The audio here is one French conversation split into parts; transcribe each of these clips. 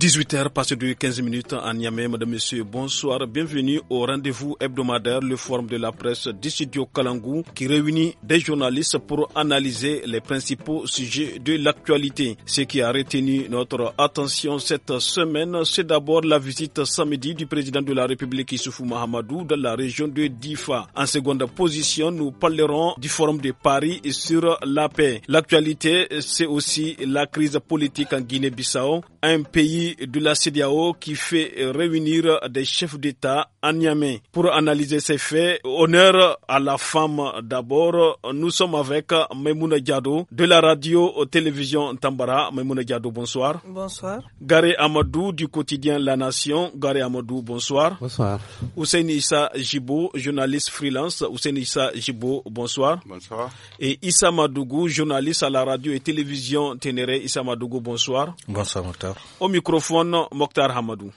18h, passé de 15 minutes en Niamey. madame, monsieur, bonsoir. Bienvenue au rendez-vous hebdomadaire, le forum de la presse d'Issidio Kalangou, qui réunit des journalistes pour analyser les principaux sujets de l'actualité. Ce qui a retenu notre attention cette semaine, c'est d'abord la visite samedi du président de la République Issoufou Mahamadou dans la région de Difa. En seconde position, nous parlerons du forum de Paris sur la paix. L'actualité, c'est aussi la crise politique en Guinée-Bissau, un pays de la CDAO qui fait euh, réunir des chefs d'État à Niamey. Pour analyser ces faits, honneur à la femme d'abord, nous sommes avec Memouna Diado de la radio télévision Tambara. Memouna Diado, bonsoir. Bonsoir. Garé Amadou du quotidien La Nation. Garé Amadou, bonsoir. Bonsoir. Issa Jibo, journaliste freelance. Hussein Issa Jibo, bonsoir. Bonsoir. Et Issa Madougou, journaliste à la radio et télévision Ténéré. Issa Madougou, bonsoir. Bonsoir, Au micro microphone Mokhtar Hamadou.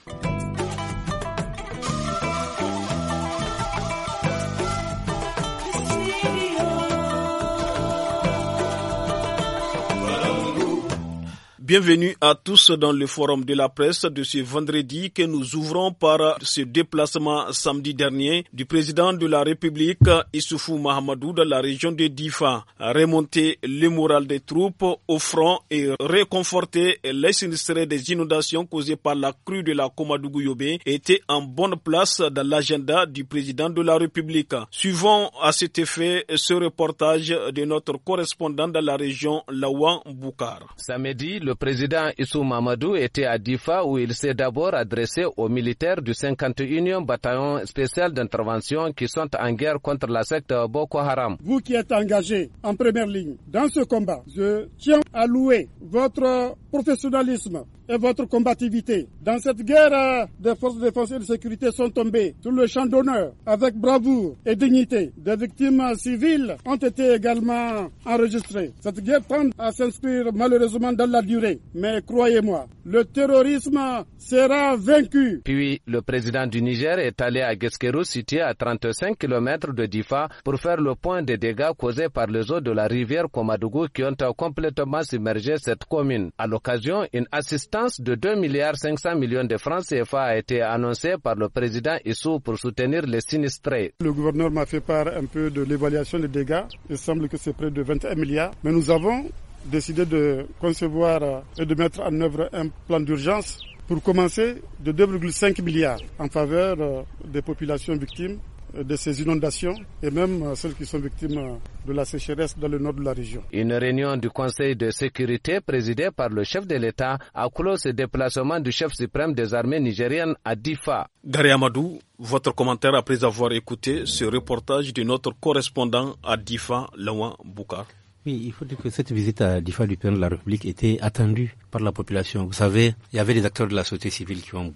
Bienvenue à tous dans le forum de la presse de ce vendredi que nous ouvrons par ce déplacement samedi dernier du président de la République Issoufou Mahamadou dans la région de Difa, remonter le moral des troupes au front et réconforter les sinistrés des inondations causées par la crue de la Komadougou était en bonne place dans l'agenda du président de la République. Suivons à cet effet ce reportage de notre correspondant dans la région Lawan Boukar. Samedi, le président Issou Mamadou était à Difa où il s'est d'abord adressé aux militaires du 51e bataillon spécial d'intervention qui sont en guerre contre la secte Boko Haram. Vous qui êtes engagés en première ligne dans ce combat, je tiens à louer votre professionnalisme et votre combativité. Dans cette guerre, des forces de défense et de sécurité sont tombées sur le champ d'honneur avec bravoure et dignité. Des victimes civiles ont été également enregistrées. Cette guerre tend à s'inscrire malheureusement dans la durée mais croyez-moi, le terrorisme sera vaincu. Puis, le président du Niger est allé à Guesquerou, situé à 35 km de Difa, pour faire le point des dégâts causés par les eaux de la rivière Komadougou qui ont complètement submergé cette commune. À l'occasion, une assistance de 2,5 milliards de francs CFA a été annoncée par le président Issou pour soutenir les sinistrés. Le gouverneur m'a fait part un peu de l'évaluation des dégâts. Il semble que c'est près de 21 milliards. Mais nous avons décidé de concevoir euh, et de mettre en œuvre un plan d'urgence pour commencer de 2,5 milliards en faveur euh, des populations victimes euh, de ces inondations et même celles qui sont victimes de la sécheresse dans le nord de la région. Une réunion du Conseil de sécurité présidée par le chef de l'État a clos ce déplacement du chef suprême des armées nigériennes à Difa. Gary Amadou, votre commentaire après avoir écouté ce reportage de notre correspondant à Difa, Lawan Boukar. Oui, il faut dire que cette visite à Difa du de la République était attendue par la population. Vous savez, il y avait des acteurs de la société civile qui ont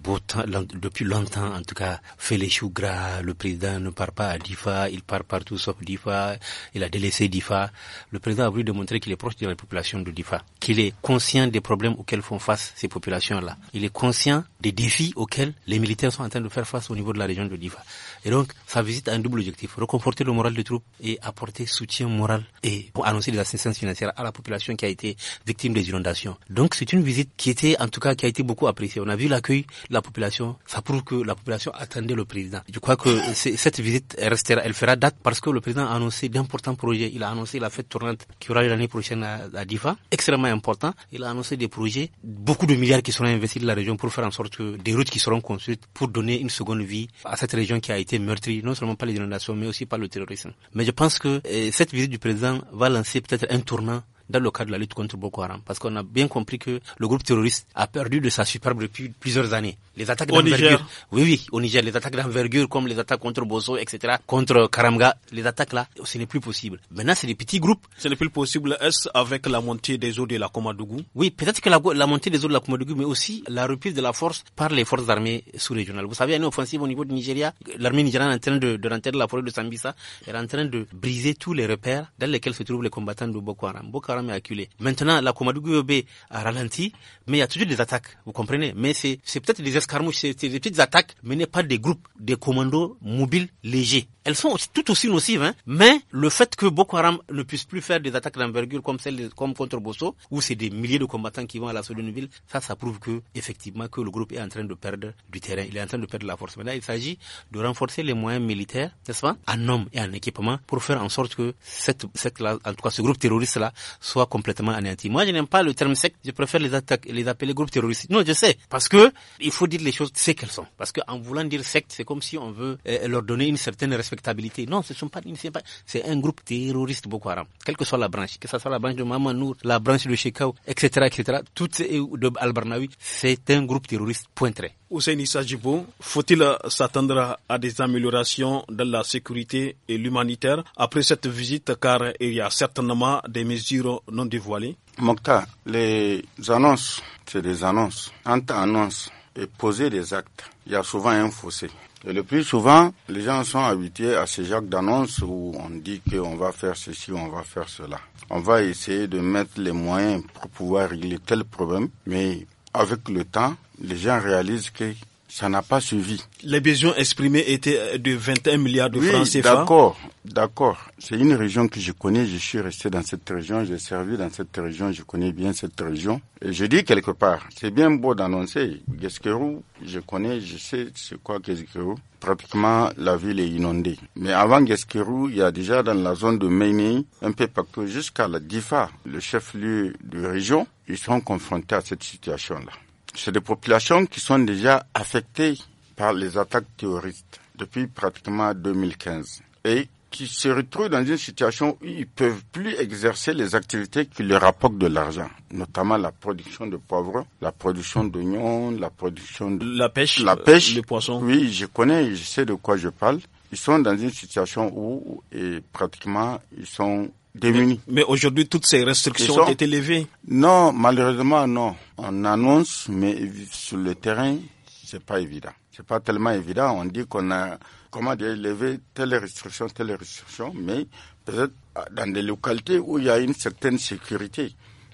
depuis longtemps, en tout cas, fait les choux gras. Le président ne part pas à Difa, il part partout sauf Difa. Il a délaissé Difa. Le président a voulu démontrer qu'il est proche de la population de Difa, qu'il est conscient des problèmes auxquels font face ces populations-là. Il est conscient des défis auxquels les militaires sont en train de faire face au niveau de la région de Difa. Et donc, sa visite a un double objectif reconforter le moral des troupes et apporter soutien moral et pour annoncer des assistances financières à la population qui a été victime des inondations. Donc, c'est une visite qui était, en tout cas, qui a été beaucoup appréciée. On a vu l'accueil de la population. Ça prouve que la population attendait le président. Je crois que euh, cette visite restera, elle fera date parce que le président a annoncé d'importants projets. Il a annoncé la fête tournante qui aura lieu l'année prochaine à, Difa, extrêmement important. Il a annoncé des projets, beaucoup de milliards qui seront investis dans la région pour faire en sorte que des routes qui seront construites pour donner une seconde vie à cette région qui a été meurtrie, non seulement par les inondations, mais aussi par le terrorisme. Mais je pense que euh, cette visite du président va lancer peut-être un tournant dans le cadre de la lutte contre Boko Haram. Parce qu'on a bien compris que le groupe terroriste a perdu de sa superbe depuis plusieurs années. Les attaques d'envergure. Oui, oui, au Niger, les attaques d'envergure comme les attaques contre Bosso, etc., contre Karamga, les attaques là, ce n'est plus possible. Maintenant, c'est des petits groupes. Ce n'est plus possible. Est-ce avec la montée des eaux de la Komadougou? Oui, peut-être que la, montée des eaux de la Komadougou, mais aussi la reprise de la force par les forces armées sous-régionales. Vous savez, il y a une offensive au niveau du Nigeria. L'armée nigériane est en train de, de rentrer dans la forêt de Sambisa. est en train de briser tous les repères dans lesquels se trouvent les combattants de Boko Haram Maintenant, la Komadougou a ralenti, mais il y a toujours des attaques, vous comprenez Mais c'est peut-être des escarmouches, c'est des petites attaques menées pas des groupes, des commandos mobiles légers elles sont tout aussi nocives, hein, mais le fait que Boko Haram ne puisse plus faire des attaques d'envergure comme celle comme contre Bosso, où c'est des milliers de combattants qui vont à la ville, ça, ça prouve que effectivement que le groupe est en train de perdre du terrain, il est en train de perdre la force. Maintenant, il s'agit de renforcer les moyens militaires, n'est-ce pas, en hommes et en équipement, pour faire en sorte que cette, cette en tout cas, ce groupe terroriste là, soit complètement anéanti. Moi, je n'aime pas le terme secte, je préfère les attaques, les appeler groupes terroristes. Non, je sais, parce que il faut dire les choses, c'est qu'elles sont, parce qu'en voulant dire secte, c'est comme si on veut euh, leur donner une certaine respect non, ce sont pas, c'est un groupe terroriste Boko Haram, quelle que soit la branche, que ce soit la branche de Mamanour, la branche de Shekau, etc., etc., toutes de Al-Barnawi, c'est un groupe terroriste, point très. Hussein Sajibo, faut-il euh, s'attendre à des améliorations de la sécurité et l'humanitaire après cette visite car il y a certainement des mesures non dévoilées Mokhtar, les annonces, c'est des annonces. Entre annonces et poser des actes, il y a souvent un fossé. Et le plus souvent, les gens sont habitués à ces jacques d'annonce où on dit qu'on va faire ceci, on va faire cela. On va essayer de mettre les moyens pour pouvoir régler tel problème, mais avec le temps, les gens réalisent que ça n'a pas suivi. Les besoins exprimés étaient euh, de 21 milliards de francs CFA. D'accord, d'accord. C'est une région que je connais. Je suis resté dans cette région. J'ai servi dans cette région. Je connais bien cette région. Et je dis quelque part, c'est bien beau d'annoncer Guesquerou. Je connais, je sais c'est quoi Guesquerou. Pratiquement, la ville est inondée. Mais avant Guesquerou, il y a déjà dans la zone de Meini, un peu partout jusqu'à la Difa, le chef-lieu de région, ils sont confrontés à cette situation-là c'est des populations qui sont déjà affectées par les attaques terroristes depuis pratiquement 2015 et qui se retrouvent dans une situation où ils peuvent plus exercer les activités qui leur apportent de l'argent, notamment la production de poivrons, la production d'oignons, la production de la pêche, la pêche, euh, les poissons. Oui, je connais, je sais de quoi je parle. Ils sont dans une situation où et pratiquement ils sont mais, aujourd'hui, toutes ces restrictions ont été levées Non, malheureusement, non. On annonce, mais sur le terrain, c'est pas évident. C'est pas tellement évident. On dit qu'on a, comment dire, levé telle restriction, telle restriction, mais peut-être dans des localités où il y a une certaine sécurité.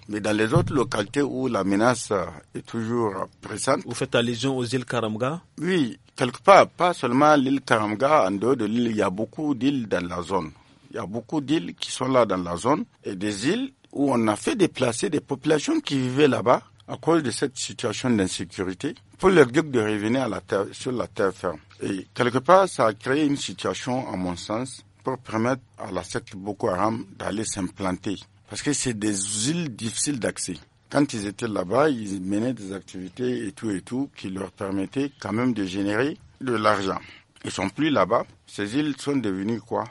Mais dans les autres localités où la menace est toujours présente. Vous faites allusion aux îles Karamga Oui, quelque part, pas seulement l'île Karamga, en dehors de l'île, il y a beaucoup d'îles dans la zone il y a beaucoup d'îles qui sont là dans la zone et des îles où on a fait déplacer des populations qui vivaient là-bas à cause de cette situation d'insécurité pour leur dire de revenir à la sur la terre ferme. Et quelque part, ça a créé une situation, à mon sens, pour permettre à la secte Boko Haram d'aller s'implanter. Parce que c'est des îles difficiles d'accès. Quand ils étaient là-bas, ils menaient des activités et tout et tout qui leur permettaient quand même de générer de l'argent. Ils sont plus là-bas. Ces îles sont devenues quoi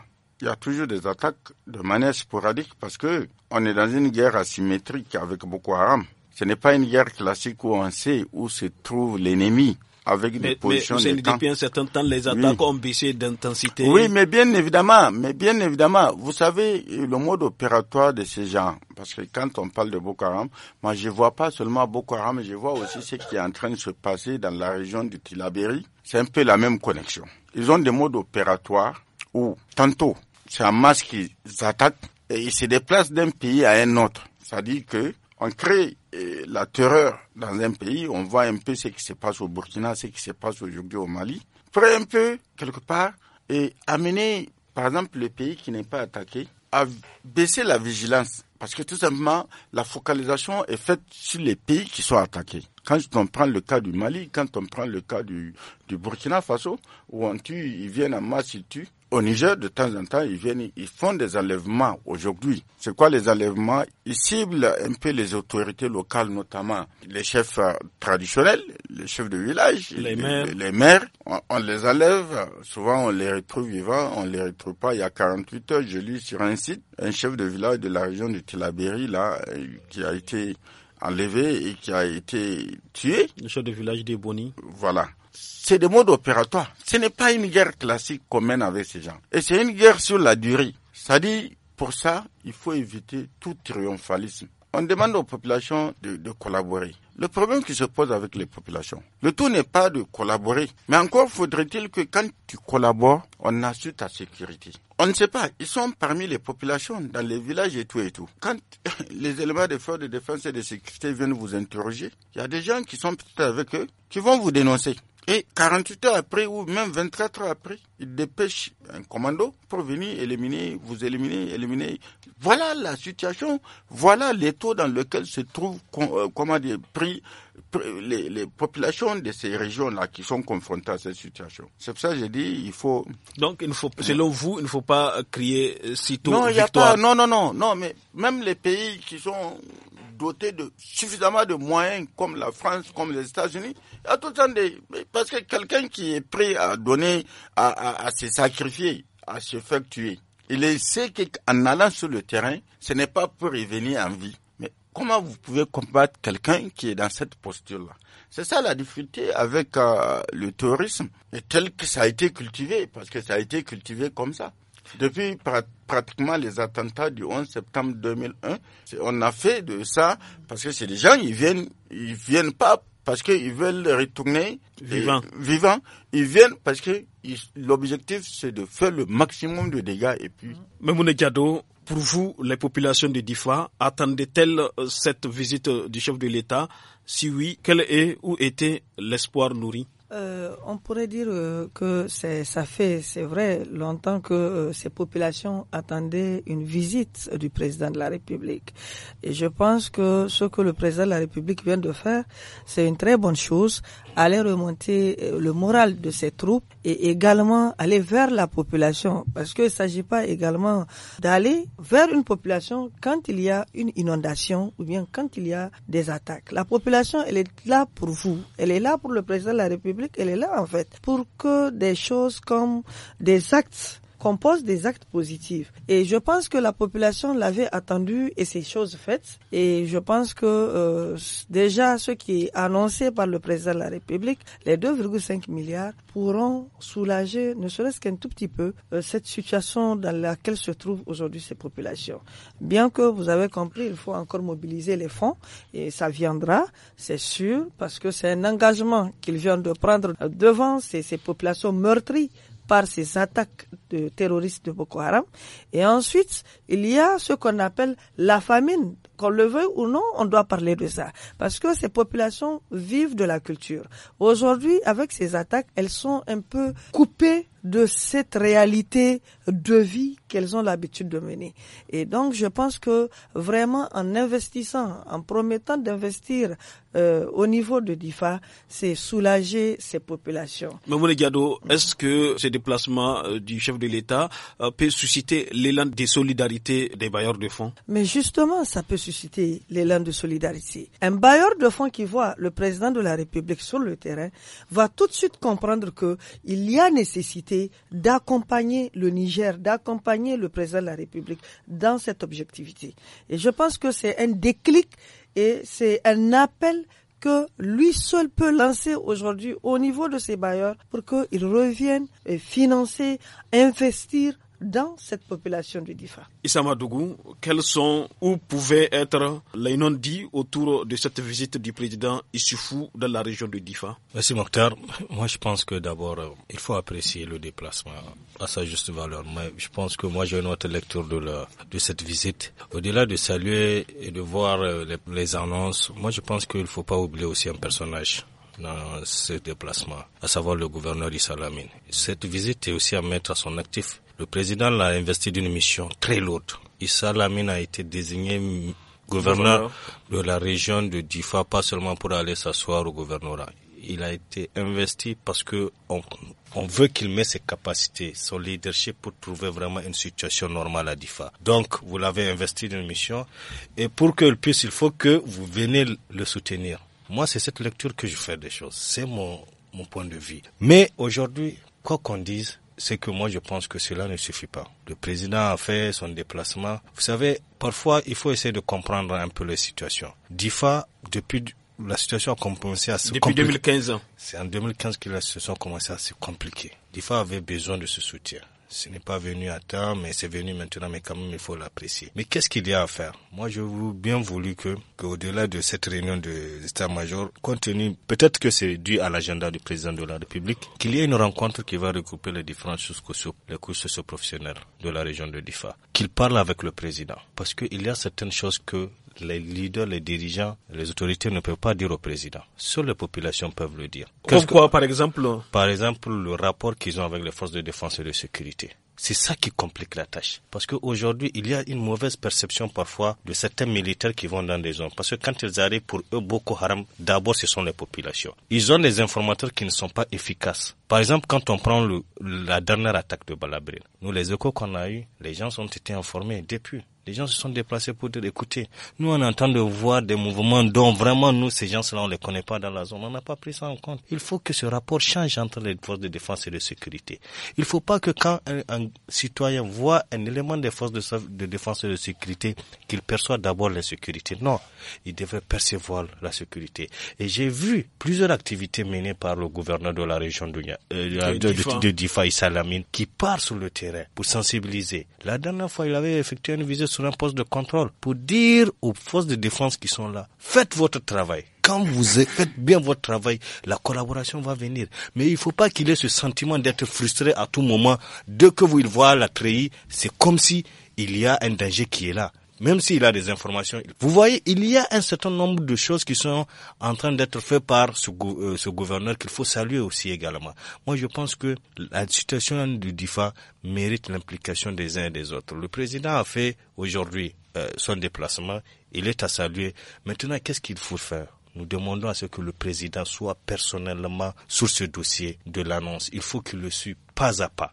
il y a toujours des attaques de manière sporadique parce que on est dans une guerre asymétrique avec Boko Haram. Ce n'est pas une guerre classique où on sait où se trouve l'ennemi avec des positions mais, de depuis un certain temps, les attaques ont baissé d'intensité. Oui, mais bien évidemment, mais bien évidemment, vous savez le mode opératoire de ces gens, parce que quand on parle de Boko Haram, moi je vois pas seulement Boko Haram, je vois aussi ce qui est en train de se passer dans la région du Tilaberi. C'est un peu la même connexion. Ils ont des modes opératoires où tantôt c'est un masse qui attaquent et il se déplace d'un pays à un autre. Ça dit dire que on crée euh, la terreur dans un pays, on voit un peu ce qui se passe au Burkina, ce qui se passe aujourd'hui au Mali. Près un peu, quelque part, et amener, par exemple, le pays qui n'est pas attaqué à baisser la vigilance. Parce que tout simplement, la focalisation est faite sur les pays qui sont attaqués. Quand on prend le cas du Mali, quand on prend le cas du, du Burkina Faso, où on tue, ils viennent en masse, ils tuent, au Niger, de temps en temps, ils viennent, ils font des enlèvements aujourd'hui. C'est quoi les enlèvements Ils ciblent un peu les autorités locales, notamment les chefs euh, traditionnels, les chefs de village, les, maires. On, les enlève, souvent on les retrouve vivants, on les retrouve pas. Il y a 48 heures, je lis sur un site, un chef de village de la région de Tilabéry, là, euh, qui a été enlevé et qui a été tué. Le chef de village des Boni. Voilà. C'est des modes opératoires. Ce n'est pas une guerre classique qu'on mène avec ces gens. Et c'est une guerre sur la durée. Ça dit, pour ça, il faut éviter tout triomphalisme. On demande aux populations de, de collaborer. Le problème qui se pose avec les populations, le tout n'est pas de collaborer. Mais encore faudrait-il que quand tu collabores, on assure ta sécurité. On ne sait pas, ils sont parmi les populations, dans les villages et tout et tout. Quand les éléments de forces de défense et de sécurité viennent vous interroger, il y a des gens qui sont peut-être avec eux, qui vont vous dénoncer. Et 48 heures après, ou même 24 heures après, il dépêche un commando pour venir éliminer, vous éliminer, éliminer. Voilà la situation, voilà les taux dans lequel se trouve, euh, comment dire, pris les, populations de ces régions-là qui sont confrontées à cette situation. C'est pour ça que j'ai dit, il faut... Donc, il faut, selon vous, il ne faut pas crier euh, sitôt non, il Y a pas, non, non, non, non, mais même les pays qui sont dotés de suffisamment de moyens, comme la France, comme les États-Unis, il y a tout le temps des... Parce que quelqu'un qui est prêt à donner, à, à, à se sacrifier, à se faire tuer, il sait qu'en allant sur le terrain, ce n'est pas pour y revenir en vie. Comment vous pouvez combattre quelqu'un qui est dans cette posture-là C'est ça la difficulté avec euh, le terrorisme, tel que ça a été cultivé, parce que ça a été cultivé comme ça. Depuis pratiquement les attentats du 11 septembre 2001, on a fait de ça parce que c'est des gens, ils viennent, ils viennent pas parce qu'ils veulent retourner euh, vivants. Vivant. Ils viennent parce que l'objectif, c'est de faire le maximum de dégâts. Et puis... mon pour vous, les populations de Difa attendaient-elles euh, cette visite du chef de l'État Si oui, quel est ou était l'espoir nourri euh, on pourrait dire euh, que que ça fait, c'est vrai, longtemps que euh, ces populations attendaient une visite du président de la République. Et je pense que ce que le président de la République vient de faire, c'est une très bonne chose. Aller remonter le moral de ses troupes et également aller vers la population, parce qu'il ne s'agit pas également d'aller vers une population quand il y a une inondation ou bien quand il y a des attaques. La population, elle est là pour vous, elle est là pour le président de la République elle est là en fait, pour que des choses comme des actes compose des actes positifs. Et je pense que la population l'avait attendu et ces choses faites. Et je pense que euh, déjà ce qui est annoncé par le président de la République, les 2,5 milliards pourront soulager, ne serait-ce qu'un tout petit peu, euh, cette situation dans laquelle se trouvent aujourd'hui ces populations. Bien que vous avez compris, il faut encore mobiliser les fonds et ça viendra, c'est sûr, parce que c'est un engagement qu'ils viennent de prendre devant ces populations meurtries par ces attaques de terroristes de Boko Haram. Et ensuite, il y a ce qu'on appelle la famine. Qu'on le veuille ou non, on doit parler de ça. Parce que ces populations vivent de la culture. Aujourd'hui, avec ces attaques, elles sont un peu coupées de cette réalité de vie qu'elles ont l'habitude de mener. Et donc, je pense que vraiment en investissant, en promettant d'investir euh, au niveau de DIFA, c'est soulager ces populations. Mamoune Gado, est-ce que ce déplacement euh, du chef de l'État euh, peut susciter l'élan de solidarité des bailleurs de fonds Mais justement, ça peut susciter l'élan de solidarité. Un bailleur de fonds qui voit le président de la République sur le terrain va tout de suite comprendre qu'il y a nécessité d'accompagner le Niger, d'accompagner le président de la République dans cette objectivité. Et je pense que c'est un déclic et c'est un appel que lui seul peut lancer aujourd'hui au niveau de ses bailleurs pour qu'ils reviennent et financer, investir dans cette population du Difa. Madougou, quels sont ou pouvaient être les non-dits autour de cette visite du président Issoufou dans la région du Difa Merci Mokhtar. Moi je pense que d'abord, euh, il faut apprécier le déplacement à sa juste valeur. Mais je pense que moi j'ai une autre lecture de, cette visite. Au-delà de saluer et de voir euh, les, annonces, moi je pense qu'il ne faut pas oublier aussi un personnage dans ce déplacement, à savoir le gouverneur Lamine. Cette visite est aussi à mettre à son actif le président l'a investi d'une mission très lourde. Issa Lamine a été désigné gouverneur de la région de Difa, pas seulement pour aller s'asseoir au gouvernorat. Il a été investi parce que on, veut qu'il mette ses capacités, son leadership pour trouver vraiment une situation normale à Difa. Donc, vous l'avez investi d'une mission et pour qu'il puisse, il faut que vous venez le soutenir. Moi, c'est cette lecture que je fais des choses. C'est mon, mon point de vue. Mais aujourd'hui, quoi qu'on dise, c'est que moi je pense que cela ne suffit pas. Le président a fait son déplacement. Vous savez, parfois il faut essayer de comprendre un peu les situations. DIFA, depuis la situation a commencé à se Depuis compliquer. 2015. C'est en 2015 que la situation a commencé à se compliquer. DIFA avait besoin de ce soutien. Ce n'est pas venu à temps, mais c'est venu maintenant, mais quand même, il faut l'apprécier. Mais qu'est-ce qu'il y a à faire Moi, je vous bien voulu que, qu'au-delà de cette réunion de états-major, compte peut-être que c'est dû à l'agenda du président de la République, qu'il y ait une rencontre qui va regrouper les différentes choses les couches socioprofessionnelles de la région de Difa. Qu'il parle avec le président. Parce qu'il y a certaines choses que les leaders, les dirigeants, les autorités ne peuvent pas dire au président. Seules les populations peuvent le dire. Pourquoi, par exemple Par exemple, le rapport qu'ils ont avec les forces de défense et de sécurité. C'est ça qui complique la tâche. Parce qu'aujourd'hui, il y a une mauvaise perception parfois de certains militaires qui vont dans des zones. Parce que quand ils arrivent pour eux, beaucoup Haram, d'abord, ce sont les populations. Ils ont des informateurs qui ne sont pas efficaces. Par exemple, quand on prend le, la dernière attaque de Balabril, nous, les échos qu'on a eu les gens ont été informés depuis. Les gens se sont déplacés pour dire, écoutez, nous on entend de voir des mouvements dont vraiment nous, ces gens-là, on ne les connaît pas dans la zone. On n'a pas pris ça en compte. Il faut que ce rapport change entre les forces de défense et de sécurité. Il ne faut pas que quand un citoyen voit un élément des forces de, défense et de sécurité, qu'il perçoit d'abord la sécurité. Non, il devrait percevoir la sécurité. Et j'ai vu plusieurs activités menées par le gouverneur de la région de, euh, de, Salamine qui part sur le terrain pour sensibiliser. La dernière fois, il avait effectué une visite sur un poste de contrôle pour dire aux forces de défense qui sont là, faites votre travail quand vous e-, faites bien votre travail, la collaboration va venir. Mais il ne faut pas qu'il ait ce sentiment d'être frustré à tout moment. Dès que vous le voit la trahie, c'est comme si il y a un danger qui est là. Même s'il a des informations. Vous voyez, il y a un certain nombre de choses qui sont en train d'être faites par ce, euh, ce gouverneur qu'il faut saluer aussi également. Moi, je pense que la situation du DIFA mérite l'implication des uns et des autres. Le président a fait aujourd'hui euh, son déplacement. Il est à saluer. Maintenant, qu'est-ce qu'il faut faire nous demandons à ce que le président soit personnellement sur ce dossier de l'annonce. Il faut qu'il le suive pas à pas.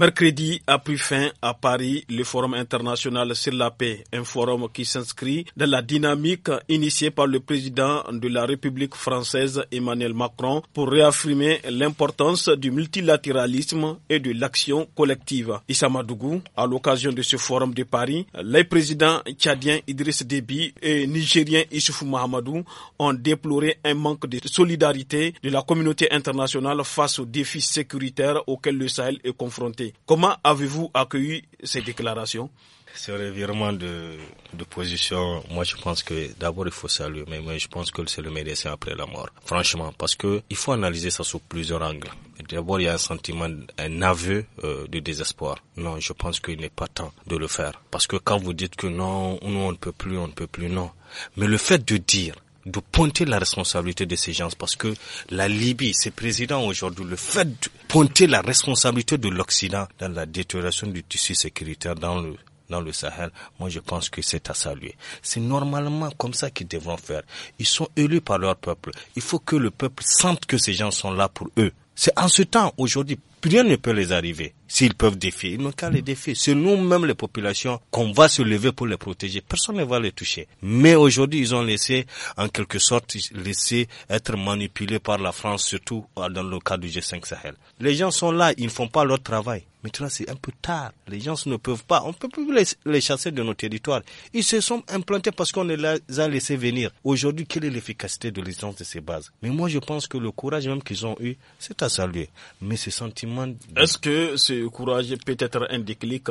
Mercredi a pris fin à Paris le Forum international sur la paix, un forum qui s'inscrit dans la dynamique initiée par le président de la République française Emmanuel Macron pour réaffirmer l'importance du multilatéralisme et de l'action collective. Issa Madougou, à l'occasion de ce forum de Paris, les présidents tchadiens Idriss Déby et nigériens Issoufou Mahamadou ont déploré un manque de solidarité de la communauté internationale face aux défis sécuritaires auxquels le Sahel est confronté. Comment avez-vous accueilli ces déclarations ce revirement de, de position, moi je pense que d'abord il faut saluer, mais moi je pense que c'est le médecin après la mort. Franchement, parce que il faut analyser ça sous plusieurs angles. D'abord, il y a un sentiment, un aveu euh, de désespoir. Non, je pense qu'il n'est pas temps de le faire. Parce que quand vous dites que non, on ne peut plus, on ne peut plus, non. Mais le fait de dire de pointer la responsabilité de ces gens parce que la Libye, ses présidents aujourd'hui, le fait de pointer la responsabilité de l'Occident dans la détérioration du tissu sécuritaire dans le dans le Sahel, moi je pense que c'est à saluer. C'est normalement comme ça qu'ils devront faire. Ils sont élus par leur peuple. Il faut que le peuple sente que ces gens sont là pour eux. C'est en ce temps, aujourd'hui, rien ne peut les arriver. S'ils peuvent défier, ils n'ont qu'à les défier. C'est nous-mêmes, les populations, qu'on va se lever pour les protéger. Personne ne va les toucher. Mais aujourd'hui, ils ont laissé, en quelque sorte, être manipulés par la France, surtout euh, dans le cas du G5 Sahel. Les gens sont là, ils ne font pas leur travail. Maintenant, c'est un peu tard. Les gens ne peuvent pas. On ne peut plus les, chasser de nos territoires. Ils se sont implantés parce qu'on les a laissés venir. Aujourd'hui, quelle est l'efficacité de l'existence de ces bases Mais moi, je pense que le courage même qu'ils ont eu, c'est à saluer. Mais ce sentiment... Est-ce que ce courage peut être un déclic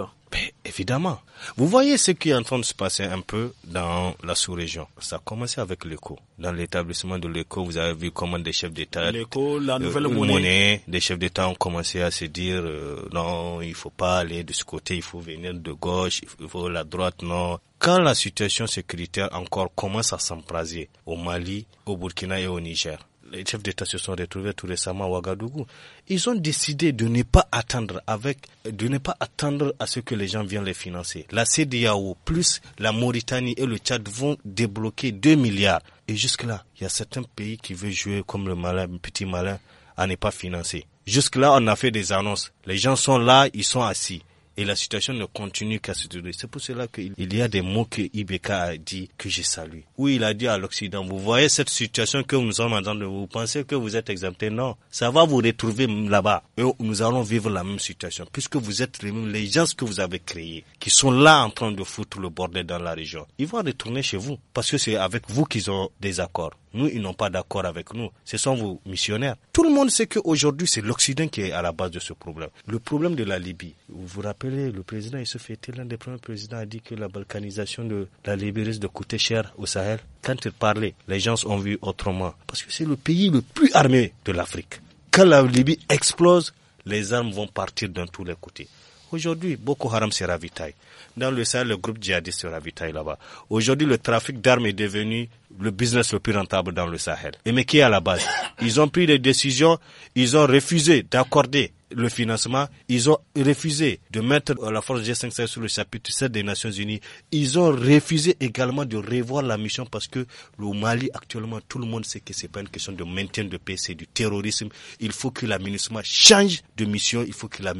évidemment. Vous voyez ce qui est en train de se passer un peu dans la sous-région. Ça a commencé avec l'écho. Dans l'établissement de l'écho, vous avez vu comment des chefs d'État... L'écho, la euh, Des chefs d'État ont commencé à se dire, euh, non, il faut pas aller de ce côté, il faut venir de gauche, il faut la droite, non. Quand la situation sécuritaire encore commence à s'empraser au Mali, au Burkina et au Niger, les chefs d'État se sont retrouvés tout récemment à Ouagadougou, ils ont décidé de ne pas attendre avec, de ne pas attendre à ce que les gens viennent les financer. La CDAO plus la Mauritanie et le Tchad vont débloquer 2 milliards. Et jusque-là, il y a certains pays qui veulent jouer comme le malin, le petit malin, à ne pas financer. Jusque-là, on a fait des annonces. Les gens sont là, ils sont assis. Et la situation ne continue qu'à se tourner. C'est pour cela qu'il y a des mots que Ibeka a dit que je salue. Où il a dit à l'Occident, vous voyez cette situation que nous sommes en train de vous pensez que vous êtes exempté. Non, ça va vous retrouver là-bas. nous allons vivre la même situation puisque vous êtes les gens que vous avez créés, qui sont là en train de foutre le bordel dans la région. Ils vont retourner chez vous parce que c'est avec vous qu'ils ont des accords. Nous, ils n'ont pas d'accord avec nous. Ce sont vos missionnaires. Tout le monde sait qu'aujourd'hui, c'est l'Occident qui est à la base de ce problème. Le problème de la Libye. Vous vous rappelez, le président Issouf était l'un des premiers présidents a dit que la balkanisation de la Libye risque de coûter cher au Sahel. Quand il parlait, les gens ont vu autrement. Parce que c'est le pays le plus armé de l'Afrique. Quand la Libye explose, les armes vont partir dans tous les côtés. Aujourd'hui, Boko Haram se ravitaille. Dans le Sahel, le groupe djihadiste se ravitaille là-bas. Aujourd'hui, le trafic d'armes est devenu le business le plus rentable dans le Sahel. Et mais qui est à la base Ils ont pris des décisions, ils ont refusé d'accorder le financement, ils ont refusé de mettre la force G5 sur le chapitre 7 des Nations Unies. Ils ont refusé également de revoir la mission parce que le Mali actuellement, tout le monde sait que c'est pas une question de maintien de paix, c'est du terrorisme. Il faut que la MINUSMA change de mission, il faut que la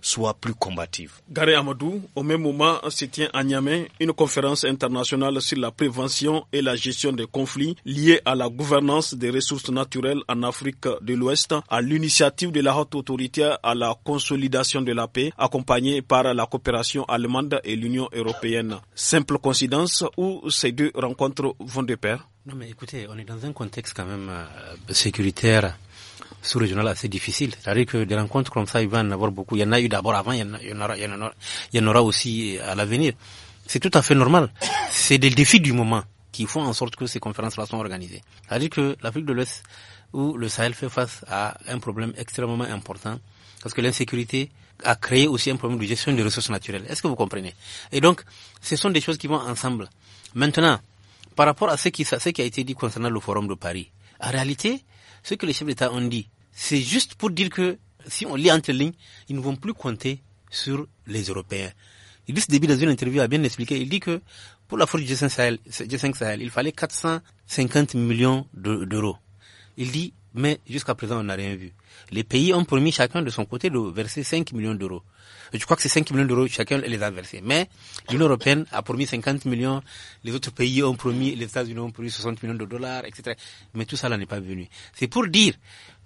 soit plus combative. Gary Amadou, au même moment, se tient à Niamey une conférence internationale sur la prévention et la gestion des conflits liés à la gouvernance des ressources naturelles en Afrique de l'Ouest à l'initiative de la haute autorité à la consolidation de la paix, accompagnée par la coopération allemande et l'Union européenne. Simple coïncidence où ces deux rencontres vont de pair Non mais écoutez, on est dans un contexte quand même euh, sécuritaire sous-régional assez difficile. C'est-à-dire que des rencontres comme ça, il va en avoir beaucoup. Il y en a eu d'abord avant, il y en, aura, aussi euh, à l'avenir. C'est tout à fait normal. C'est des défis du moment qui font en sorte que ces conférences-là sont organisées. C'est-à-dire que l'Afrique de l'Ouest où le Sahel fait face à un problème extrêmement important, parce que l'insécurité a créé aussi un problème de gestion des ressources naturelles. Est-ce que vous comprenez Et donc, ce sont des choses qui vont ensemble. Maintenant, par rapport à ce qui, ce qui a été dit concernant le forum de Paris, en réalité, ce que les chefs d'État ont dit, c'est juste pour dire que si on lit entre lignes, ils ne vont plus compter sur les Européens. Il ce début dans une interview, a bien expliqué, il dit que pour la force du Sahel, G5 Sahel il fallait 450 millions d'euros. Il dit, mais jusqu'à présent, on n'a rien vu. Les pays ont promis chacun de son côté de verser 5 millions d'euros. Je crois que c'est 5 millions d'euros, chacun les a versés. Mais l'Union européenne a promis 50 millions, les autres pays ont promis, les États-Unis ont promis 60 millions de dollars, etc. Mais tout ça là n'est pas venu. C'est pour dire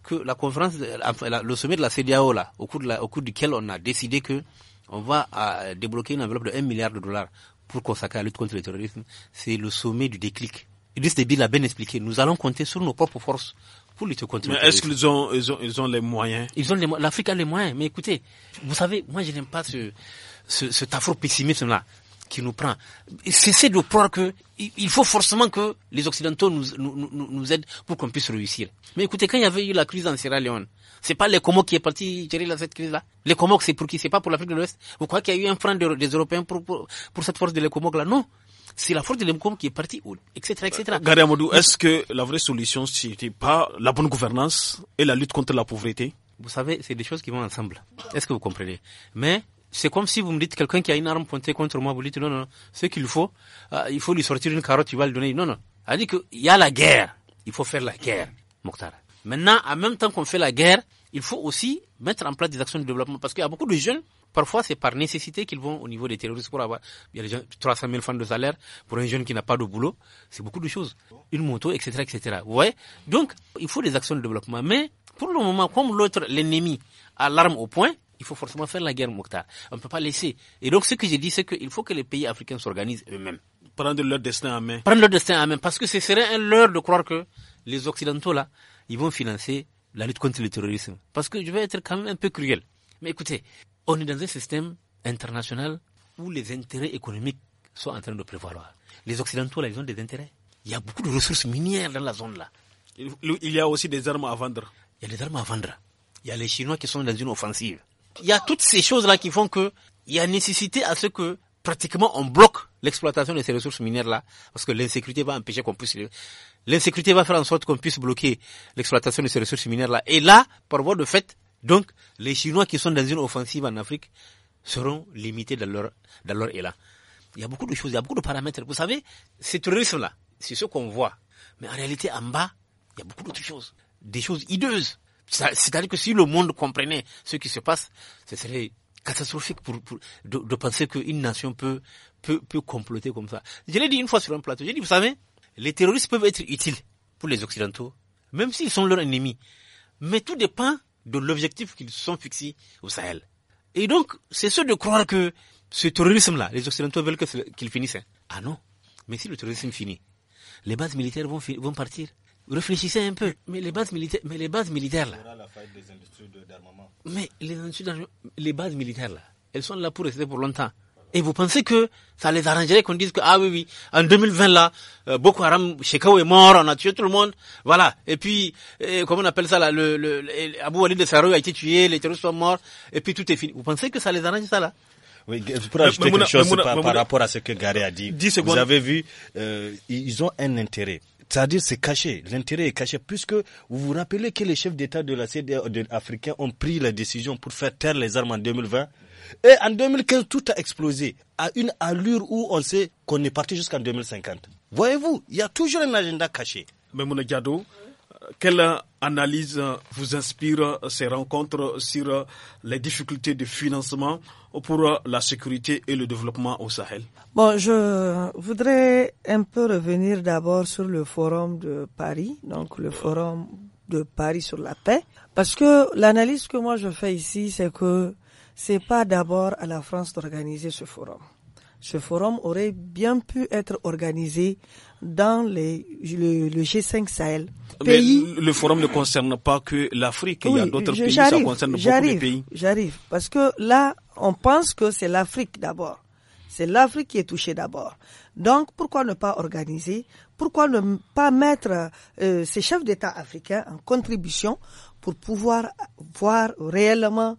que la conférence, le sommet de la CDAO là, au cours, de la, au cours duquel on a décidé que on va euh, débloquer une enveloppe de 1 milliard de dollars pour consacrer à la lutte contre le terrorisme, c'est le sommet du déclic. Idriss Déby l'a bien expliqué, nous allons compter sur nos propres forces pour lutter contre Mais est-ce qu'ils ont, ils ont, ils ont les moyens Ils ont les l'Afrique a les moyens. Mais écoutez, vous savez, moi je n'aime pas ce, ce, cet afro-pessimisme-là qui nous prend. Cessez de croire que il faut forcément que les Occidentaux nous, nous, nous, nous aident pour qu'on puisse réussir. Mais écoutez, quand il y avait eu la crise en Sierra Leone, c'est pas les Comores qui est parti gérer cette crise-là. Les c'est pour qui C'est pas pour l'Afrique de l'Ouest. Vous croyez qu'il y a eu un franc des Européens pour, pour, cette force de les là Non c'est la force de l'EMCOM qui est partie, etc. etc. Gary Amadou, est-ce que la vraie solution, n'était pas la bonne gouvernance et la lutte contre la pauvreté Vous savez, c'est des choses qui vont ensemble. Est-ce que vous comprenez Mais c'est comme si vous me dites quelqu'un qui a une arme pointée contre moi, vous dites non, non, ce qu'il faut, euh, il faut lui sortir une carotte, il va le donner. Non, non. Elle dit qu'il y a la guerre. Il faut faire la guerre, Mokhtar. Maintenant, en même temps qu'on fait la guerre, il faut aussi mettre en place des actions de développement parce qu'il y a beaucoup de jeunes Parfois, c'est par nécessité qu'ils vont au niveau des terroristes pour avoir 300 000 francs de salaire pour un jeune qui n'a pas de boulot. C'est beaucoup de choses. Une moto, etc., etc. Vous voyez Donc, il faut des actions de développement. Mais pour le moment, comme l'autre, l'ennemi, a l'arme au point, il faut forcément faire la guerre, Mokhtar. On ne peut pas laisser. Et donc, ce que j'ai dit, c'est qu'il faut que les pays africains s'organisent eux-mêmes. Prendre leur destin en main. Prendre leur destin en main. Parce que ce serait un leurre de croire que les Occidentaux, là, ils vont financer la lutte contre le terrorisme. Parce que je vais être quand même un peu cruel. Mais écoutez, on est dans un système international où les intérêts économiques sont en train de prévaloir. Les Occidentaux, là, ils ont des intérêts. Il y a beaucoup de ressources minières dans la zone là. Il y a aussi des armes à vendre. Il y a des armes à vendre. Il y a les Chinois qui sont dans une offensive. Il y a toutes ces choses-là qui font que il y a nécessité à ce que pratiquement on bloque l'exploitation de ces ressources minières-là parce que l'insécurité va empêcher qu'on puisse... L'insécurité va faire en sorte qu'on puisse bloquer l'exploitation de ces ressources minières-là. Et là, par voie de fait, donc, les Chinois qui sont dans une offensive en Afrique seront limités dans leur, dans leur élan. Il y a beaucoup de choses, il y a beaucoup de paramètres. Vous savez, ces terroristes-là, c'est ce qu'on voit. Mais en réalité, en bas, il y a beaucoup d'autres choses. Des choses hideuses. C'est-à-dire que si le monde comprenait ce qui se passe, ce serait catastrophique pour, pour de, penser qu'une nation peut, peut, peut comploter comme ça. Je l'ai dit une fois sur un plateau, j'ai dit, vous savez, les terroristes peuvent être utiles pour les Occidentaux, même s'ils sont leurs ennemis. Mais tout dépend de l'objectif qu'ils se sont fixés au Sahel. Et donc, c'est sûr de croire que ce terrorisme-là, les Occidentaux veulent qu'il finisse. Hein. Ah non, mais si le terrorisme finit, les bases militaires vont, vont partir. Réfléchissez un peu, mais les bases militaires, mais les bases militaires là. mais les bases militaires là, elles sont là pour rester pour longtemps. Et vous pensez que ça les arrangerait qu'on dise que, ah oui, oui, en 2020 là, beaucoup Boko Haram, Shekau est mort, on a tué tout le monde. Voilà. Et puis, euh, comment on appelle ça là, le, Abou Ali de Sarou a été tué, les terroristes sont morts, et puis tout est fini. Vous pensez que ça les arrange ça là? Oui, pourrais euh, ajouter quelque chose par, rapport à ce que Gary a dit. vous avez vu, euh, ils ont un intérêt c'est-à-dire c'est caché, l'intérêt est caché, puisque vous vous rappelez que les chefs d'État de la CDA africains ont pris la décision pour faire taire les armes en 2020. Et en 2015, tout a explosé à une allure où on sait qu'on est parti jusqu'en 2050. Voyez-vous, il y a toujours un agenda caché. Mais quelle analyse vous inspire ces rencontres sur les difficultés de financement pour la sécurité et le développement au Sahel Bon, je voudrais un peu revenir d'abord sur le forum de Paris, donc le forum de Paris sur la paix, parce que l'analyse que moi je fais ici, c'est que c'est pas d'abord à la France d'organiser ce forum. Ce forum aurait bien pu être organisé dans le, G5 Sahel. Mais le forum ne concerne pas que l'Afrique, il y a d'autres pays, ça concerne beaucoup de pays. J'arrive, parce que là, on pense que c'est l'Afrique d'abord. C'est l'Afrique qui est touchée d'abord. Donc, pourquoi ne pas organiser Pourquoi ne pas mettre euh, ces chefs d'État africains en contribution pour pouvoir voir réellement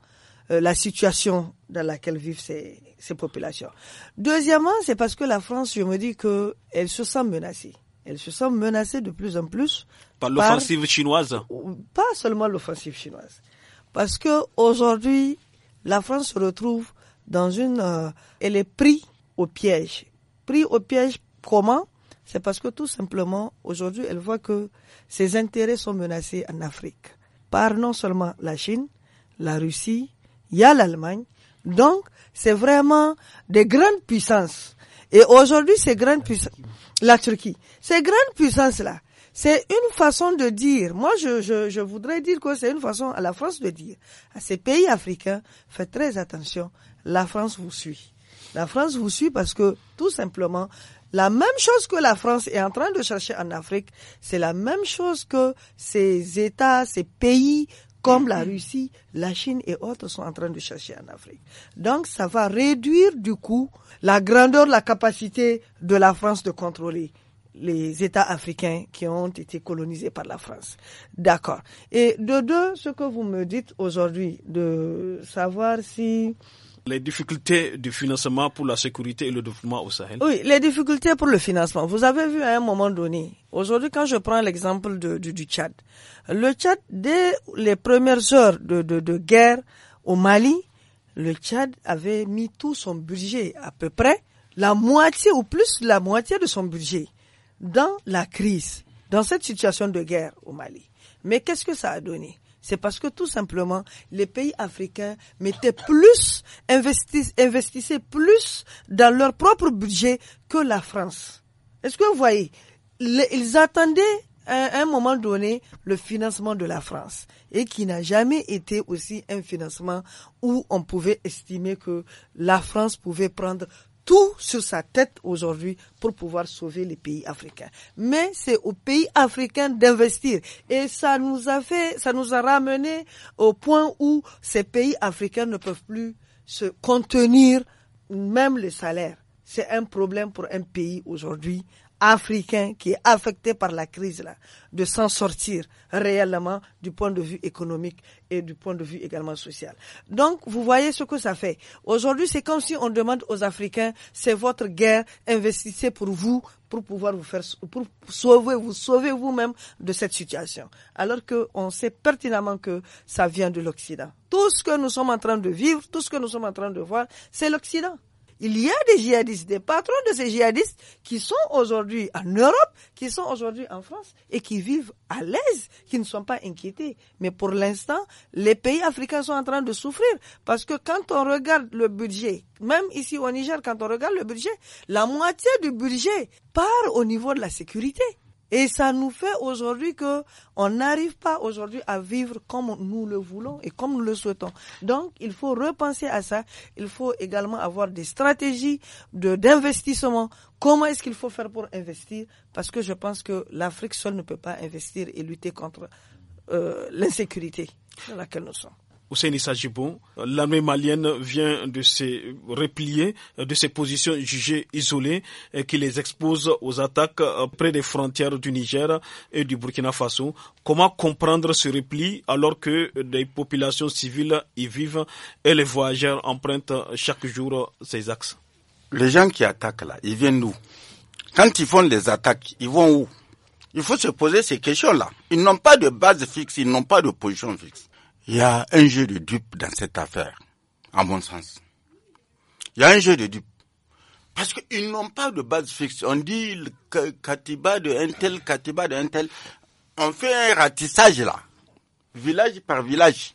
euh, la situation dans laquelle vivent ces, populations. Deuxièmement, c'est parce que la France, je me dis que elle se sent menacée. Elle se sent menacée de plus en plus par l'offensive chinoise. Pas seulement l'offensive chinoise, parce que aujourd'hui, la France se retrouve dans une, euh, elle est prise au piège. Pris au piège comment C'est parce que tout simplement, aujourd'hui, elle voit que ses intérêts sont menacés en Afrique par non seulement la Chine, la Russie, il y a l'Allemagne. Donc, c'est vraiment des grandes puissances. Et aujourd'hui, ces grandes puissances, la Turquie, ces grandes puissances-là, c'est une façon de dire, moi je, je voudrais dire que c'est une façon à la France de dire, à ces pays africains, faites très attention, la France vous suit. La France vous suit parce que, tout simplement, la même chose que la France est en train de chercher en Afrique, c'est la même chose que ces États, ces pays comme la Russie, la Chine et autres sont en train de chercher en Afrique. Donc ça va réduire du coup la grandeur, la capacité de la France de contrôler les États africains qui ont été colonisés par la France. D'accord. Et de deux, ce que vous me dites aujourd'hui, de savoir si les difficultés du financement pour la sécurité et le développement au Sahel Oui, les difficultés pour le financement. Vous avez vu à un moment donné, aujourd'hui quand je prends l'exemple du Tchad, le Tchad, dès les premières heures de, de, de guerre au Mali, le Tchad avait mis tout son budget, à peu près la moitié ou plus la moitié de son budget, dans la crise, dans cette situation de guerre au Mali. Mais qu'est-ce que ça a donné c'est parce que tout simplement, les pays africains mettaient plus, investissaient plus dans leur propre budget que la France. Est-ce que vous voyez Ils attendaient à un moment donné le financement de la France et qui n'a jamais été aussi un financement où on pouvait estimer que la France pouvait prendre tout sur sa tête aujourd'hui pour pouvoir sauver les pays africains. Mais c'est aux pays africains d'investir. Et ça nous a fait, ça nous a ramené au point où ces pays africains ne peuvent plus se contenir même les salaires. C'est un problème pour un pays aujourd'hui africain qui est affecté par la crise là, de s'en sortir réellement du point de vue économique et du point de vue également social. Donc, vous voyez ce que ça fait. Aujourd'hui, c'est comme si on demande aux Africains, c'est votre guerre, investissez pour vous, pour pouvoir vous faire, pour sauver vous, sauver vous-même de cette situation. Alors que on sait pertinemment que ça vient de l'Occident. Tout ce que nous sommes en train de vivre, tout ce que nous sommes en train de voir, c'est l'Occident. Il y a des djihadistes, des patrons de ces djihadistes qui sont aujourd'hui en Europe, qui sont aujourd'hui en France et qui vivent à l'aise, qui ne sont pas inquiétés. Mais pour l'instant, les pays africains sont en train de souffrir parce que quand on regarde le budget, même ici au Niger, quand on regarde le budget, la moitié du budget part au niveau de la sécurité. Et ça nous fait aujourd'hui que n'arrive pas aujourd'hui à vivre comme nous le voulons et comme nous le souhaitons. Donc, il faut repenser à ça. Il faut également avoir des stratégies de, d'investissement. Comment est-ce qu'il faut faire pour investir? Parce que je pense que l'Afrique seule ne peut pas investir et lutter contre euh, l'insécurité dans laquelle nous sommes. Ousseini Sajibou, l'armée malienne vient de se replier de ses positions jugées isolées et qui les expose aux attaques euh, près des frontières du Niger et du Burkina Faso. Comment comprendre ce repli alors que des populations civiles y vivent et les voyageurs empruntent chaque jour ces axes Les gens qui attaquent là, ils viennent d'où Quand ils font des attaques, ils vont où il faut se poser ces questions-là. Ils n'ont pas de base fixe, ils n'ont pas de position fixe. Il y a un jeu de dupes dans cette affaire, en bon sens. Il y a un jeu de dupes. Parce qu'ils n'ont pas de base fixe. On dit le Katiba de un tel, Katiba de un tel. On fait un ratissage là, village par village.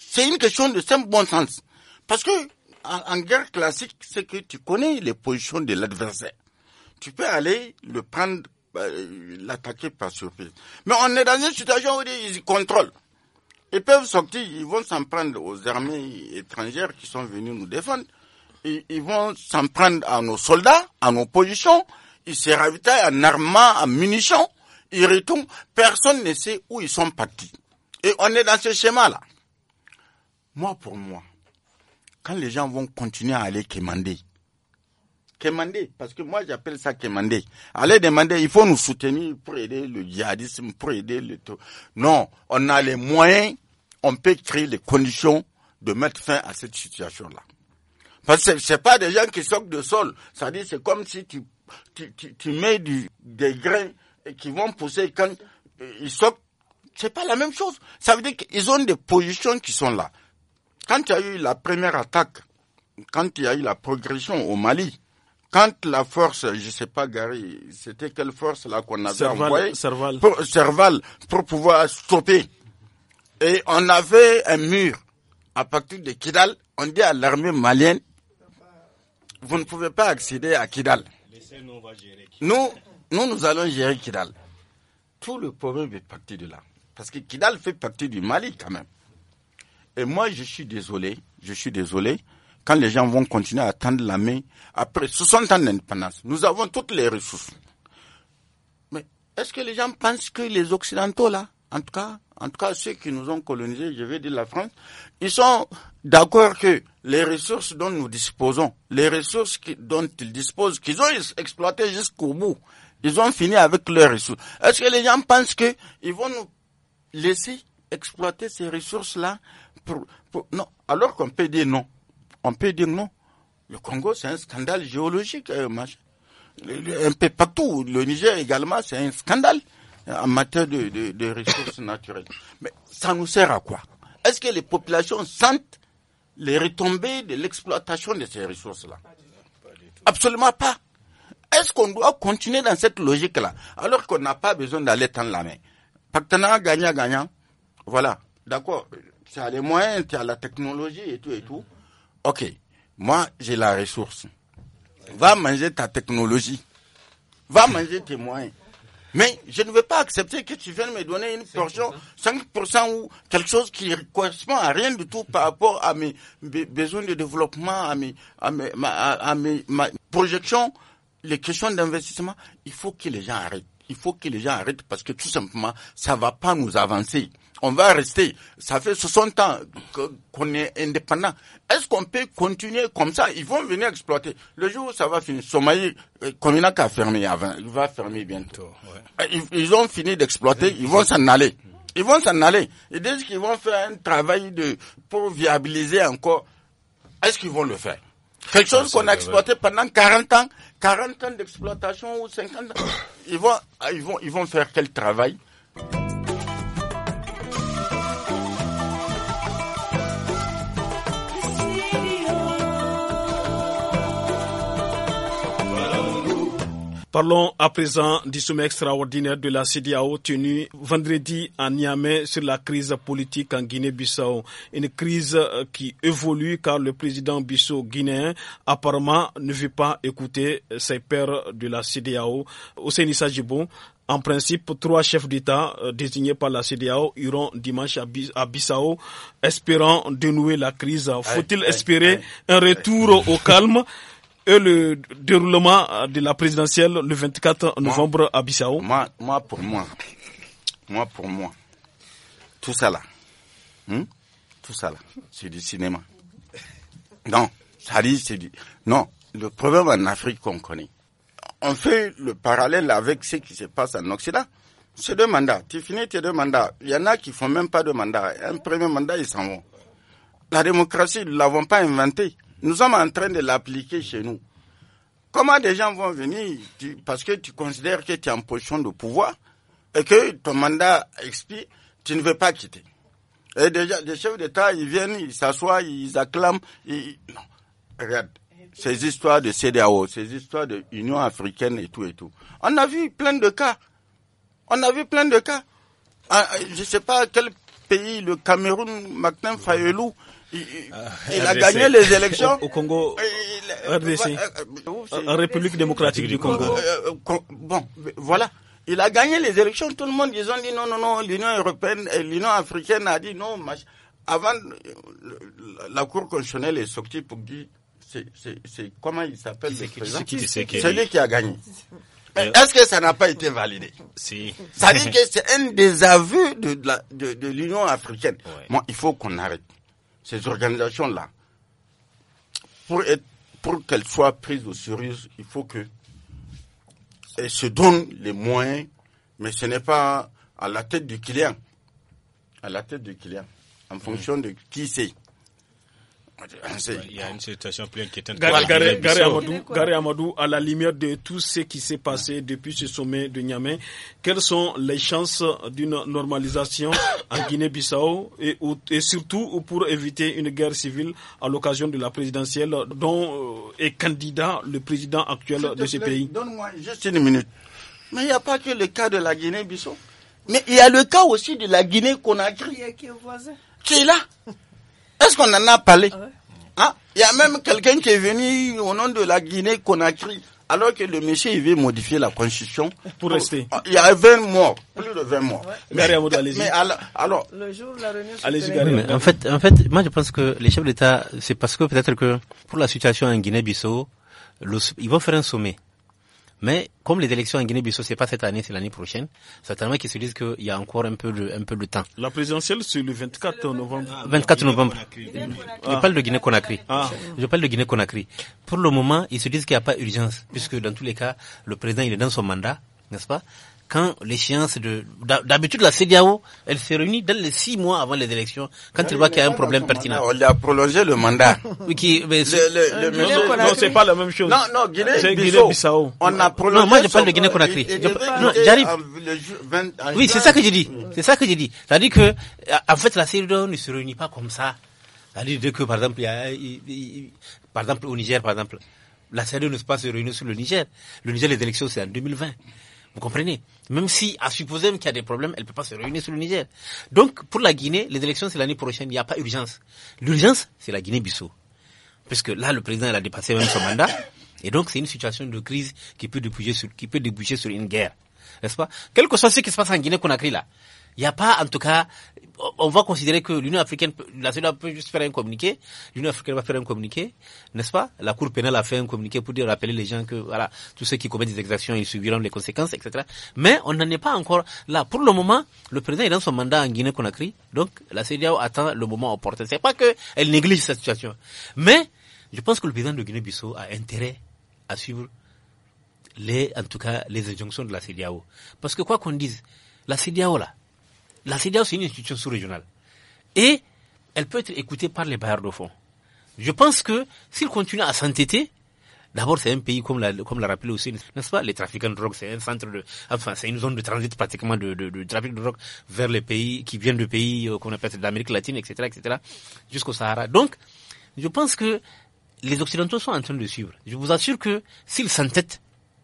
C'est une question de simple bon sens. Parce que en, guerre classique, c'est que tu connais les positions de l'adversaire. Tu peux aller le prendre bah, euh, l'attaquer par surprise. Mais on est dans une situation où ils contrôlent. Ils peuvent sortir, ils vont s'en prendre aux armées étrangères qui sont venues nous défendre. Ils, vont s'en prendre à nos soldats, à nos positions. Ils se ravitaillent en armement, en munitions. Ils retournent. Personne ne sait où ils sont partis. Et on est dans ce schéma-là. Moi, pour moi, quand les gens vont continuer à aller commander, Kemandé, parce que moi j'appelle ça Kemandé. Allez demander, il faut nous soutenir pour aider le djihadisme, pour aider le tout. Non, on a les moyens, on peut créer les conditions de mettre fin à cette situation-là. Parce que c'est pas des gens qui sortent de sol. Ça dit, c'est comme si tu, tu, tu, mets du, des grains et qui vont pousser quand euh, ils sortent. C'est pas la même chose. Ça veut dire qu'ils ont des positions qui sont là. Quand il y a eu la première attaque, quand il y a eu la progression au Mali, quand la force, je sais pas Gary, c'était quelle force là qu'on avait envoyé? Pour, pouvoir stopper. Et on avait un mur à partir de Kidal. On dit à l'armée malienne, vous ne pouvez pas accéder à Kidal. Nous, nous, nous, nous allons gérer Kidal. Tout le problème est parti de là. Parce que Kidal fait partie du Mali quand même. Et moi, je suis désolé, je suis désolé quand les gens vont continuer à attendre la main, après 60 ans d'indépendance, nous avons toutes les ressources. Mais est-ce que les gens pensent que les Occidentaux, là, en tout cas, en tout cas ceux qui nous ont colonisés, je vais dire la France, ils sont d'accord que les ressources dont nous disposons, les ressources dont ils disposent, qu'ils ont exploité jusqu'au bout, ils ont fini avec leurs ressources. Est-ce que les gens pensent qu'ils vont nous laisser exploiter ces ressources-là pour, Non. Alors qu'on peut dire non on peut dire non. Le Congo, c'est un scandale géologique, euh, un peu partout. Le Niger également, c'est un scandale en matière de, ressources naturelles. Mais ça nous sert à quoi Est-ce que les populations sentent les retombées de l'exploitation de ces ressources-là Absolument pas. Est-ce qu'on doit continuer dans cette logique-là alors qu'on n'a pas besoin d'aller tendre la main Partenariat gagnant-gagnant, voilà, d'accord. c'est as les moyens, tu as la technologie et tout et tout ok, moi j'ai la ressource. Va manger ta technologie. Va manger tes moyens. Mais je ne veux pas accepter que tu viennes me donner une portion, 5% ou quelque chose qui correspond à rien du tout par rapport à mes besoins de développement, à mes, à mes, Les questions d'investissement, il faut que les gens arrêtent. Il faut que les gens arrêtent parce que tout simplement, ça va pas nous avancer on va rester. Ça fait 60 ans qu'on est indépendant. Est-ce qu'on peut continuer comme ça Ils vont venir exploiter. Le jour où ça va finir, Somalie, euh, Cominac a fermé avant, il va fermer bientôt. Euh, ils, ont fini d'exploiter, ils vont s'en aller. Ils vont s'en aller. Ils disent qu'ils vont faire un travail de pour viabiliser encore. Est-ce qu'ils vont le faire Quelque chose qu'on a exploité pendant 40 ans, 40 ans d'exploitation ou 50 ans, ils vont, ah, ils vont, ils vont faire quel travail Parlons à présent du sommet extraordinaire de la CDAO tenu vendredi à Niamey sur la crise politique en Guinée-Bissau. Une crise euh, qui évolue car le président Bissau guinéen apparemment ne veut pas écouter euh, ses pairs de la CDAO. Hossein Issa en principe, trois chefs d'État euh, désignés par la CDAO iront dimanche à Bissau, espérant dénouer la crise. Faut-il espérer un retour au calme et le déroulement euh, de la présidentielle le 24 novembre à Bissau moi, moi, pour moi, moi, pour moi, tout ça là, hmm? tout ça là, c'est du cinéma. Non, ça dit, c'est du. Non, le problème en Afrique qu'on connaît, on fait le parallèle avec ce qui se passe en Occident. C'est deux mandats. Tu finis tes deux mandats. Il y en a qui font même pas deux mandats, Un premier mandat, ils s'en vont. La démocratie, nous l'avons pas inventée. Nous sommes en train de l'appliquer chez nous. Comment des gens vont venir parce que tu considères que tu es en position de pouvoir et que ton mandat expire, tu ne veux pas quitter. Et déjà, des chefs d'État, ils viennent, ils s'assoient, ils acclament. Non, regarde, ces histoires de CDAO, ces histoires de Union africaine et tout et tout. On a vu plein de cas. On a vu plein de cas. Ah, je ne sais pas quel pays, le Cameroun, Martin Fayelou, ah. Il a gagné les élections au Congo, RDC, en euh, euh, République démocratique du Congo. Euh, bon, voilà. Il a gagné les élections, tout le monde, ils ont dit non, non, non, l'Union européenne et l'Union africaine a dit non. Avant, la Cour constitutionnelle est sortie pour dire, c'est comment il s'appelle le président Celui qui a gagné. Est-ce que ça n'a pas été validé Si. Ça dit que c'est un désaveu de l'Union de, africaine. Moi, il faut qu'on arrête ces organisations-là, pour, être, pour qu'elles soient prises au sérieux, il faut que se donnent les moyens, mais ce n'est pas à la tête du client, à la tête du client, en mmh. fonction de qui c'est. Il y a une situation Gary, Amadou, à la lumière de tout ce qui s'est passé depuis ce sommet de Niamey, quelles sont les chances d'une normalisation en Guinée-Bissau et, surtout pour éviter une guerre civile à l'occasion de la présidentielle dont euh, est candidat le président actuel de ce pays Donne-moi juste une minute. Mais il n'y a pas que le cas de la Guinée-Bissau. Mais il y a le cas aussi de la Guinée qu'on a créé. Qui est voisin. là Est-ce qu'on en a parlé ah ah, Il y a même quelqu'un qui est venu au nom de la Guinée-Conakry, alors que le monsieur il veut modifier la constitution. Pour rester. Ah, il y a 20 mois, plus de 20 mois. Mais, alors, Le jour la réunion. en fait, en fait, moi je pense que les chefs d'État, c'est parce que peut-être que pour la situation en Guinée-Bissau, ils vont faire un sommet. Mais comme les élections en Guinée-Bissau, c'est pas cette année, c'est l'année prochaine, certainement qu'ils se disent qu'il y a encore un peu de, un peu de temps. La présidentielle, c'est le 24 novembre. 24 novembre. Je parle de Guinée-Conakry. Ah. Ah. Je parle de Guinée-Conakry. Pour le moment, ils se disent qu'il n'y a pas urgence, puisque dans tous les cas, le président, il est dans son mandat, n'est-ce pas? quand l'échéance de... D'habitude, la CDAO, elle se réunit dès les six mois avant les élections, quand il voit qu'il y a un problème pertinent. on a prolongé le mandat. qui, mais, euh, non, c'est pas la même chose. Non, non, Guinée-Bissau. on a prolongé... moi, je parle de Guinée-Conakry. j'arrive. Oui, c'est ça que j'ai dit. C'est ça que j'ai dit. C'est-à-dire que, en fait, la CDAO ne se réunit pas comme ça. C'est-à-dire que, par exemple, il y a, par exemple, au Niger, par exemple, la CDAO ne se passe réunir sur le Niger. Le Niger, les élections, c'est en 2020. Vous comprenez Même si, à supposer qu'il y a des problèmes, elle ne peut pas se réunir sur le Niger. Donc, pour la Guinée, les élections, c'est l'année prochaine. Il n'y a pas urgence. L'urgence, c'est la Guinée-Bissau. Parce que là, le président, il a dépassé même son mandat. Et donc, c'est une situation de crise qui peut déboucher sur, une guerre. N'est-ce pas Quel que soit ce qui se passe en guinée qu'on a créé là, il n'y a pas, en tout cas, on va considérer que l'Union africaine, la peut juste faire un communiqué. L'Union africaine va faire un communiqué, n'est-ce pas La Cour pénale a fait un communiqué pour dire, rappeler les gens que voilà, tous ceux qui commettent des exactions, ils subiront les conséquences, etc. Mais on n'en est pas encore là. Pour le moment, le président est dans son mandat en Guinée-Conakry, donc la CEDEAO attend le moment opportun. C'est pas qu'elle néglige cette situation, mais je pense que le président de Guinée-Bissau a intérêt à suivre les, en tout cas, les injonctions de la CEDEAO, parce que quoi qu'on dise, la CEDEAO là la CEDEAO, c'est une institution sous-régionale. Et elle peut être écoutée par les bailleurs de fond. Je pense que s'ils continuent à s'entêter, D'abord, c'est un pays, comme l'a, comme l'a rappelé aussi, n'est-ce pas, les trafiquants de drogue, c'est un centre de, enfin, c'est une zone de transit pratiquement de, trafic de drogue vers les pays qui viennent de pays, euh, qu'on appelle d'Amérique latine, etc., etc., jusqu'au Sahara. Donc, je pense que les Occidentaux sont en train de suivre. Je vous assure que s'ils s'entêtent,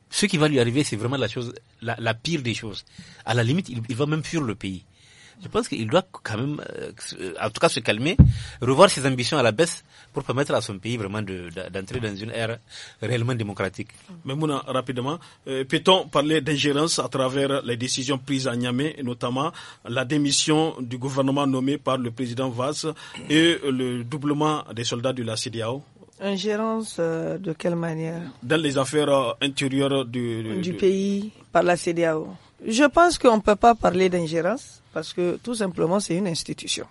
ce qui va lui arriver, c'est vraiment la chose, la, pire des choses. À la limite, il va même fuir le pays je pense qu'il doit quand même, euh, en tout cas, se calmer, revoir ses ambitions à la baisse pour permettre à son pays vraiment d'entrer dans une ère réellement démocratique. Mais Mouna, rapidement, euh, peut-on parler d'ingérence à travers les décisions prises à Niamey, notamment la démission du gouvernement nommé par le président Vaz et le doublement des soldats de la CDAO Ingérence euh, de quelle manière Dans les affaires intérieures du, pays par la CDAO. Je pense qu'on ne peut pas parler d'ingérence parce que tout simplement, c'est une institution.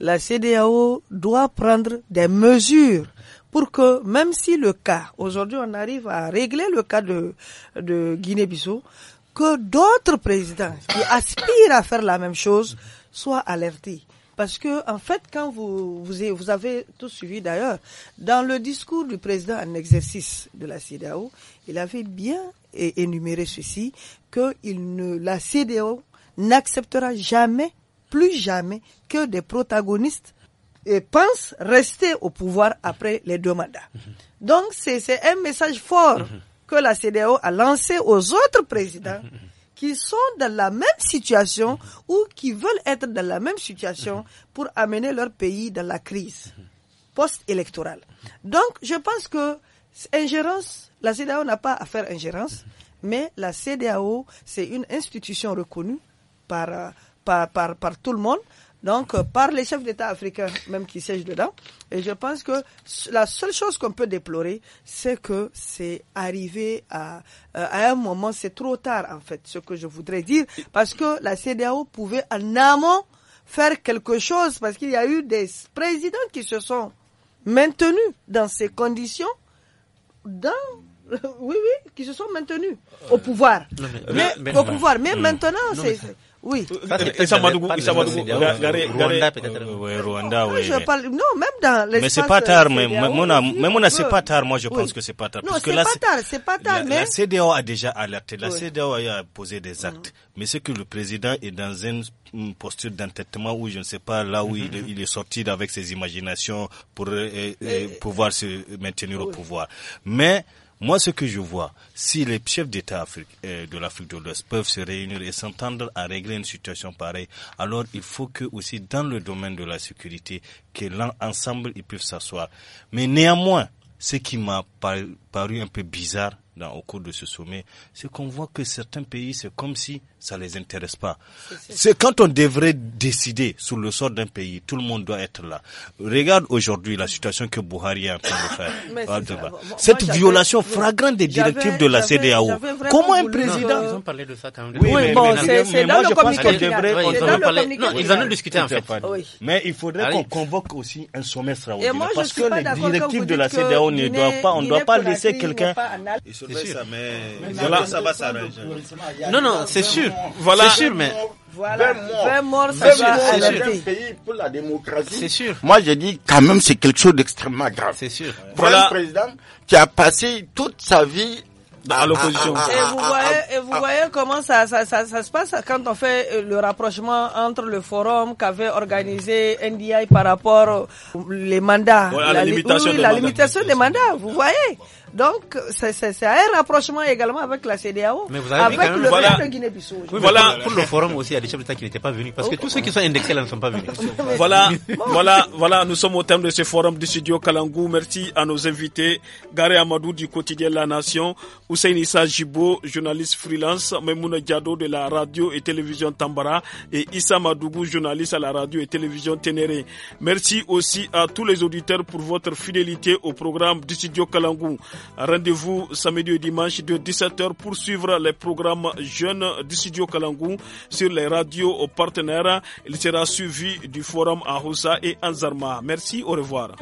La CDAO doit prendre des mesures pour que, même si le cas, aujourd'hui on arrive à régler le cas de, de Guinée-Bissau, que d'autres présidents qui aspirent à faire la même chose soient alertés parce que en fait, quand vous vous, vous avez tout suivi d'ailleurs, dans le discours du président en exercice de la CDAO, il avait bien énuméré ceci que il ne la CDAO n'acceptera jamais, plus jamais, que des protagonistes et pensent rester au pouvoir après les deux mandats. Mhm. Donc c'est un message fort mhm. que la CDAO a lancé aux autres présidents mhm. qui sont dans la même situation ou qui veulent être dans la même situation pour amener leur pays dans la crise post-électorale. Donc je pense que ingérence, la CDAO n'a pas à faire ingérence, mais la CDAO, c'est une institution reconnue par, euh, par, par, par tout le monde donc euh, par les chefs d'État africains même qui siègent dedans. Et je pense que la seule chose qu'on peut déplorer, c'est que c'est arrivé à, euh, à un moment, c'est trop tard en fait, ce que je voudrais dire, parce que la CDAO pouvait en amont faire quelque chose, parce qu'il y a eu des présidents qui se sont maintenus dans ces conditions, dans oui, oui, qui se sont maintenus au pouvoir. au pouvoir. Mais mm. maintenant, c'est oui. Euh, ça, et euh, Rwanda peut-être. Euh, oui, Rwanda, ah, oui. non, même dans l'espace. Mais c'est pas tard, mais moi, mais Mona, c'est pas tard. Moi, je pense que c'est pas tard. Non, c'est pas tard, c'est pas tard, mais. La CDO a déjà alerté, la CDO a posé des actes. Mm. Mais c'est que le président est dans une posture d'entêtement où je ne sais pas là où il, est mm-hmm. sorti avec ses imaginations pour pouvoir se maintenir au pouvoir. Mais moi, ce que je vois, si les chefs d'État euh, de l'Afrique de l'Ouest peuvent se réunir et s'entendre à régler une situation pareille, alors il faut que aussi dans le domaine de la sécurité, que l'ensemble ils puissent s'asseoir. Mais néanmoins, ce qui m'a paru un peu bizarre, dans, au cours de ce sommet, c'est qu'on voit que certains pays, c'est comme si ça les intéresse pas. C'est quand on devrait décider sur le sort d'un pays, tout le monde doit être là. Regarde aujourd'hui la situation que Buhari est en train de faire. Ah, Cette violation flagrante des directives de la CDAO. Comment un président... ils ont parlé de ça quand même. Oui, mais, bon, c'est dans le devrait... Non, ils en ont discuté en fait. Mais il faudrait ah qu'on convoque aussi un sommet extraordinaire. Parce que les directives de la CDAO ne doivent pas, on ne doit pas laisser quelqu'un c'est mais voilà. ça va s'arranger. Non, non, c'est sûr. Voilà. C'est sûr, mais. Voilà, 20 morts, c'est sûr. pour la démocratie. C'est sûr. Moi, j'ai dit, quand même, c'est quelque chose d'extrêmement grave. C'est sûr. Pour voilà. président qui a passé toute sa vie dans l'opposition. Et vous voyez, comment ça, ça, se passe quand on fait le rapprochement entre le forum qu'avait organisé NDI par rapport aux les mandats. la, limitation, oui, la limitation des mandats. Vous voyez donc, c'est un rapprochement également avec la CDAO, Mais vous avez avec le voilà, de Guinée-Bissau. voilà, pour le forum aussi, il y a des chefs d'État qui n'étaient pas venus, parce que oh. tous ceux qui sont indexés là ne sont pas venus. voilà, voilà, voilà, nous sommes au terme de ce forum du studio Kalangou. Merci à nos invités, Garé Amadou du quotidien La Nation, Hussein Issa Jibo, journaliste freelance, Memouna Diado de la radio et télévision Tambara et Issa Madougou, journaliste à la radio et télévision Ténéré. Merci aussi à tous les auditeurs pour votre fidélité au programme du studio Kalangou. Rendez-vous samedi et dimanche de 17h pour suivre les programmes jeunes du studio Kalangou sur les radios partenaires. Il sera suivi du forum à et Anzarma. Merci, au revoir.